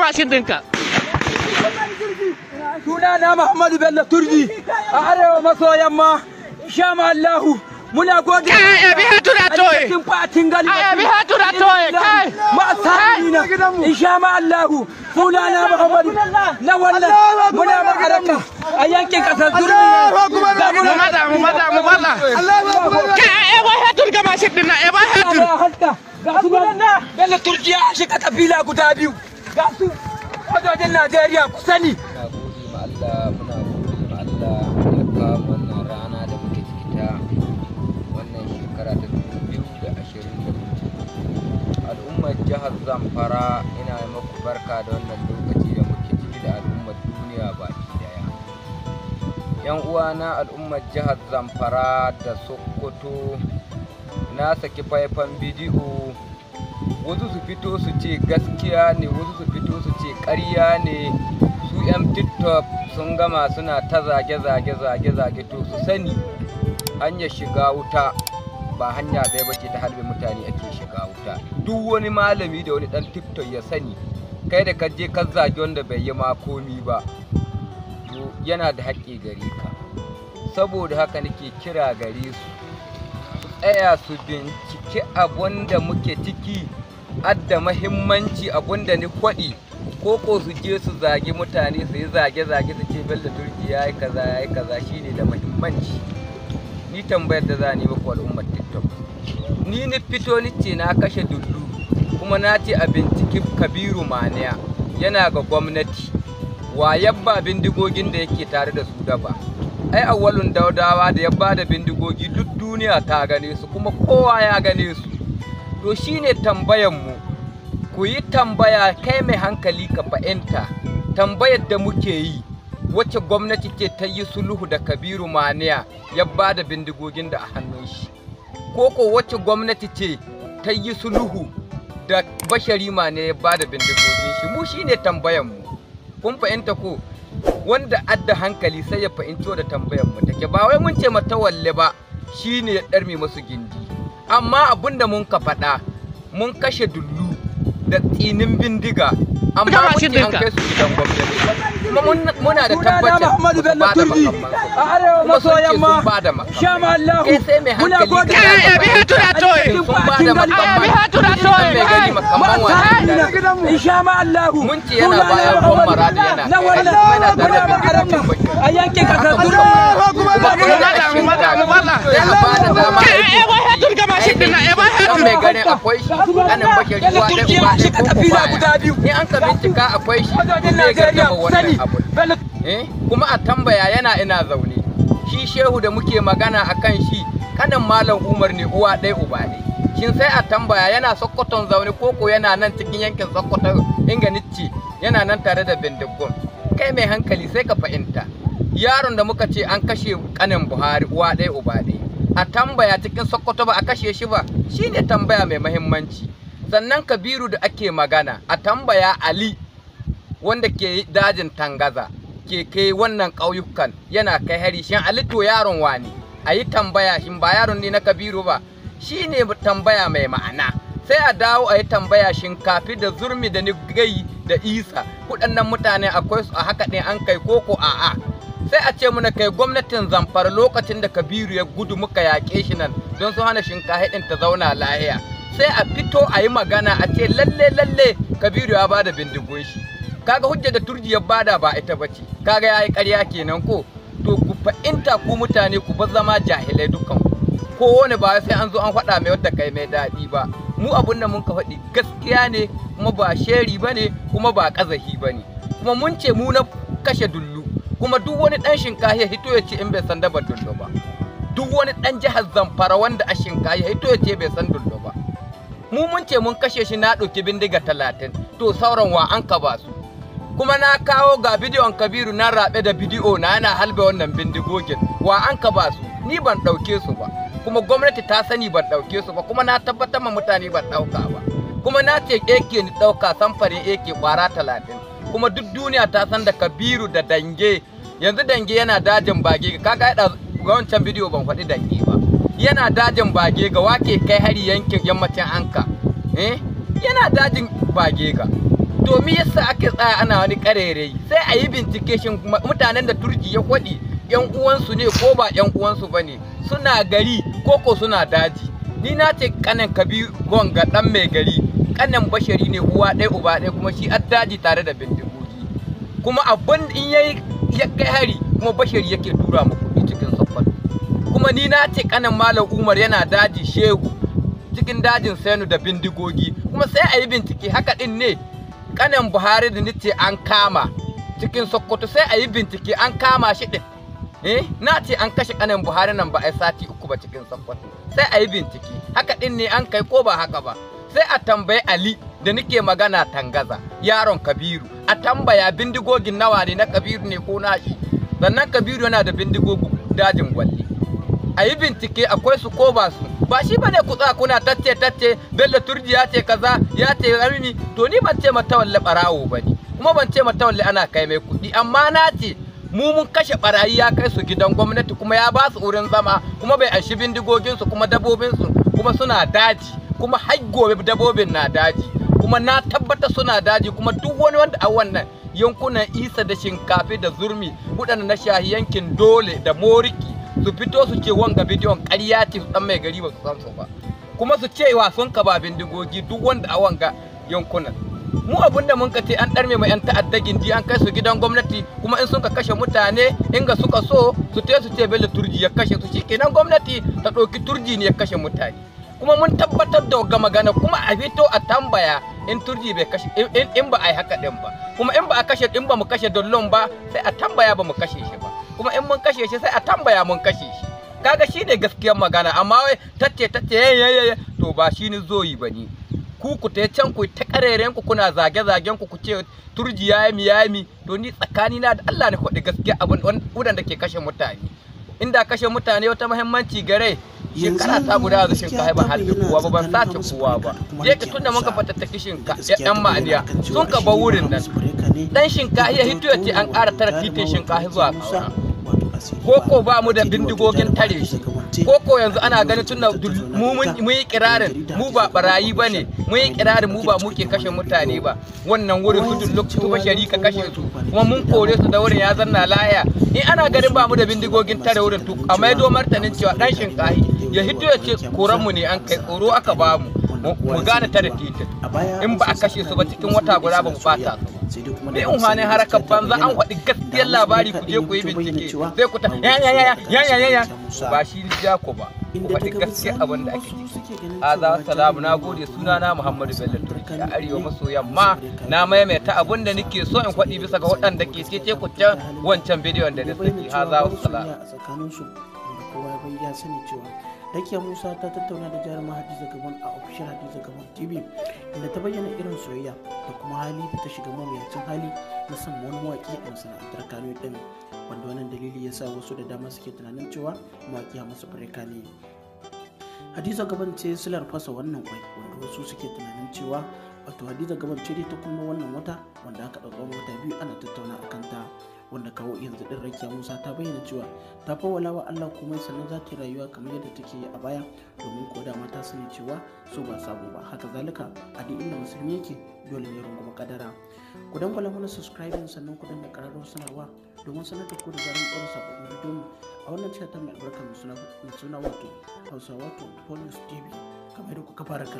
mashin ɗinka. Suna na Muhammadu Bello Turji a arewa maso yamma sha Allahu muna gode kai ebi hatu da toye kai ebi hatu da toye kai ma sabina insha ma Allahu muna na Muhammadu na wannan muna magaraka a yankin kasar Turji da muna mada mu mada mu mada kai ebi hatu ga mashin dinna ebi hatu ga sunan na Bello Turji a shi kabila guda biyu ga su sojojin Najeriya ku sani Allah muna gode ma Allah ya wannan rana da muke ciki ta wannan shekara ta mutu. al'ummar jihar Zamfara ina maku barka da wannan lokaci da muke ciki da al'ummar duniya baki daya yan uwana al'ummar jihar Zamfara da Sokoto na saki faifan bidiyo wasu su fito su ce gaskiya ne wasu su fito su ce ƙarya ne su 'yan tiktok sun gama suna ta zage-zage zage-zage to su sani hanyar shiga wuta ba hanya ɗaya ba ce ta halbe mutane ake shiga wuta duk wani malami da wani ɗan tiktok ya sani kai da kaje ka zage wanda bai yi ma komi ba yana da haƙƙi gare ka saboda haka nake kira gare su su tsaya su binciki abun da muke ciki adda mahimmanci abunda ni kwaɗi ko ko su je su zage mutane su yi zage-zage su ce bello turki ya yi kaza ya yi kaza shi ne da mahimmanci ni tambayar da za ni kwa al'ummar tiktok ni ni fito ni ce na kashe dullu kuma na ce a binciki kabiru maniya yana ga gwamnati wa yabba bindigogin da yake tare da su daba ai awalun daudawa da yabba da bindigogi duk duniya ta gane su kuma kowa ya gane su to shine mu, ku yi tambaya kai mai hankali ka fa'inta tambayar da muke yi wacce gwamnati ce ta yi sulhu da kabiru maniya ya ba da bindigogin da a hannun shi ko ko wacce gwamnati ce ta yi sulhu da bashari maniya ya ba da bindigogin shi mu shine tambayanmu kun fahimta ko wanda adda hankali sai ya fahimto da tambayan mu take ba wai mun ce mata walle ba shine ya ɗarmi masu gindi amma abin da mun ka faɗa mun kashe dullu da tsinin bindiga amma muke an kai su gidan gwamnati kuma muna da tabbacin ba da makamman a arewa maso yamma sha ma Allah sai mai hankali ka ya bi hatu da toy sun ba da makamman ya bi hatu da toy makamman wani sha ma Allah mun ce yana bayan gwamnati yana na wannan na wannan a yankin kasar kuma mai ganin akwai shi kanin bashari ruwa da uba ne ko kuma ni an ka bincika akwai shi mai garin ba wannan abu eh, kuma a tambaya yana ina zaune shi shehu da muke magana a kan shi kanan malam umar ne uwa ɗaya uba ne shin sai a tambaya yana sokoton zaune koko yana nan cikin yankin sokoton inganicci yana nan tare da bindigun kai mai hankali sai ka fahimta yaron da muka ce an kashe kanin buhari uwa ɗaya uba ɗaya a tambaya cikin sokoto ba a kashe shi ba shine tambaya mai mahimmanci sannan kabiru da ake magana a tambaya ali wanda ke dajin tangaza ke kai wannan ƙauyukan yana kai hari shin ali to yaron wani a yi tambaya shin ba yaron ne na kabiru ba shine tambaya mai ma'ana sai a dawo a yi tambaya shinkafi da zurmi da ni gai da isa kuɗannan mutane akwai su a haka ne an kai koko a'a sai a ce muna kai gwamnatin zamfara lokacin da kabiru ya gudu muka yaƙe shi nan don su hana shinkafa ɗin ta zauna lahiya sai a fito a yi magana a ce lalle lalle kabiru ya bada bindigon shi kaga hujja da turji ya bada ba ita bace kaga yayi yi ƙarya kenan ko to ku fa'inta ku mutane ku bar zama jahilai dukan wani ba sai an zo an faɗa mai wadda kai mai daɗi ba mu abun nan mun ka faɗi gaskiya ne kuma ba sheri ba ne kuma ba ƙazahi ba ne kuma mun ce mu na kashe dullu kuma duk wani dan shinkahi ya hito ya ce in bai san dabar dundu ba duk wani ɗan jihar zamfara wanda a shinka ya hito ya ce bai san dullo ba mu mun ce mun kashe shi na ɗauki bindiga talatin to sauran wa an ka ba su kuma na kawo ga bidiyon kabiru na raɓe da bidiyo na yana halbe wannan bindigogin wa an ka ba su ni ban ɗauke su ba kuma gwamnati ta sani ban ɗauke su ba kuma na tabbatar ma mutane ban ɗauka ba. kuma na ce ake ni ɗauka samfarin ake kwara talatin kuma duk duniya ta san da kabiru da dange yanzu dange yana dajin bage ka ga ga wancan bidiyo ban faɗi dange ba yana dajin bage ga wake kai hari yankin yammacin anka eh yana dajin bage ga to me yasa ake tsaya ana wani karerai sai a yi bincike shin mutanen da turji ya kwaɗi yan uwansu ne ko ba yan uwansu ba ne suna gari koko suna daji ni na ce kanin kabi gonga dan mai gari kanan bashari ne uwa ɗaya uba ɗaya kuma shi addaji tare da bindigogi kuma abin in yayi ya kai hari kuma bashari yake tura mu kuɗi cikin saffar kuma ni na ce kanan malam umar yana daji shehu cikin dajin Sainu da bindigogi kuma sai a yi bincike haka ɗin ne kanan buhari da ni ce an kama cikin sokoto sai a yi bincike an kama shi din eh na ce an kashe kanan buhari nan ba a sati uku ba cikin sokoto sai a yi bincike haka ɗin ne an kai ko ba haka ba sai a tambayi ali da nake magana tangaza yaron kabiru a tambaya bindigogin nawa ne na kabiru ne ko na shi? sannan kabiru yana da bindigogin dajin gwalli a yi bincike akwai su ko ba su ba shi ba ne kutsa kuna tacce tacce bello turji ya ce kaza ya ce ramini to ni ban ce matawalle ɓarawo ba ne kuma ban ce matawalle ana kai mai kuɗi amma na ce mu mun kashe barayi ya kai su gidan gwamnati kuma ya ba su wurin zama kuma bai anshi bindigoginsu kuma dabobinsu kuma suna daji kuma har gobe dabobin na daji kuma na tabbata suna daji kuma duk wani wanda a wannan yankunan isa da shinkafi da zurmi waɗanda na shahi yankin dole da moriki su fito su ce wanga bidiyon ƙarya ce su ɗan mai gari ba su san su ba kuma su ce wa sun ka ba bindigogi duk wanda a wanga yankunan mu abin da mun ka ce an ɗarme ma 'yan ta'adda gindi an kai su gidan gwamnati kuma in sun ka kashe mutane in ga suka so su te su ce bello turji ya kashe su shi kenan gwamnati ta ɗauki turji ne ya kashe mutane kuma mun tabbatar da ga magana kuma a fito a tambaya in turji bai kashe in ba a yi haka din ba kuma in ba a kashe in ba mu kashe dollon ba sai a tambaya ba mu kashe shi ba kuma in mun kashe shi sai a tambaya mun kashe shi kaga shine gaskiyar magana amma wai tacce tacce yayaye to ba shi ni zoyi ba ni ku ku ta can ku ta kareren ku kuna zage zagen ku ku ce turji yayi mi yayi mi to ni tsakani na da Allah ne kwaɗi gaskiya abin wanda ke kashe mutane inda kashe mutane wata muhimmanci gare shekara ta guda da shinka haiba harbe kowa ba ban sace kowa ba je ka tunda muka fatattaki shinka yan ma'aniya sun ka ba wurin nan dan shinka ya hito ya ce an ƙara tara titin shinka zuwa Ko ko ba mu da bindigogin tare shi Ko ko yanzu ana ganin tunda mu mun yi kirarin mu ba barayi ba ne Mu yi kirarin mu ba muke kashe mutane ba wannan wurin su duk lokacin ba shari ka kashe su kuma mun kore su da wurin ya zanna laya in ana ganin ba mu da bindigogin tare wurin to a maido martanin cewa dan shinkahi ya hito ya ce mu ne an kai tsoro aka ba mu mu gane ta da titin in ba a kashe su ba cikin wata guda ba mu bata da yin hannun harakar banza an faɗi gaskiyar labari ku je ku yi bincike sai ku ta ya ya ya ya ya ya ba shi ja ku ba ku faɗi gaskiyar abin da ake ciki aza salamu na gode sunana muhammadu bello turki a arewa maso yamma na maimaita abin da nake so in faɗi bisa ga waɗanda ke ce ku can wancan bidiyon da na saki aza salamu kowa bai ya sani cewa dakiya musa ta tattauna da jaruma hadiza gabon a ofishin hadiza gabon tv inda ta bayyana irin soyayya da kuma hali da ta shiga mawuyacin hali na san wani mawaƙi a masana'antar kano ɗin wanda wannan dalili ya sa wasu da dama suke tunanin cewa mawaƙi a masu birka ne hadiza gaban ce silar fasa wannan kwai wanda wasu suke tunanin cewa wato hadiza gaban ce ta kuma wannan wata wanda aka ɗauka wata biyu ana tattauna a kanta wanda kawo yanzu ɗin rakiya musa ta bayyana cewa ta fawwala wa allah komai sannan za ta rayuwa kamar yadda take yi a baya domin ko da mata sani cewa so ba sabo ba haka zalika a da inda musulmi yake dole ne runguma kadara ku dangwala mana subscribing sannan ku danna kararrawar sanarwa domin sanar da ku da zaran ɗora sababbin bidiyon mu a wannan cikin ta mai albarka mai suna wato hausa wato tv kamar yadda kuka fara kallon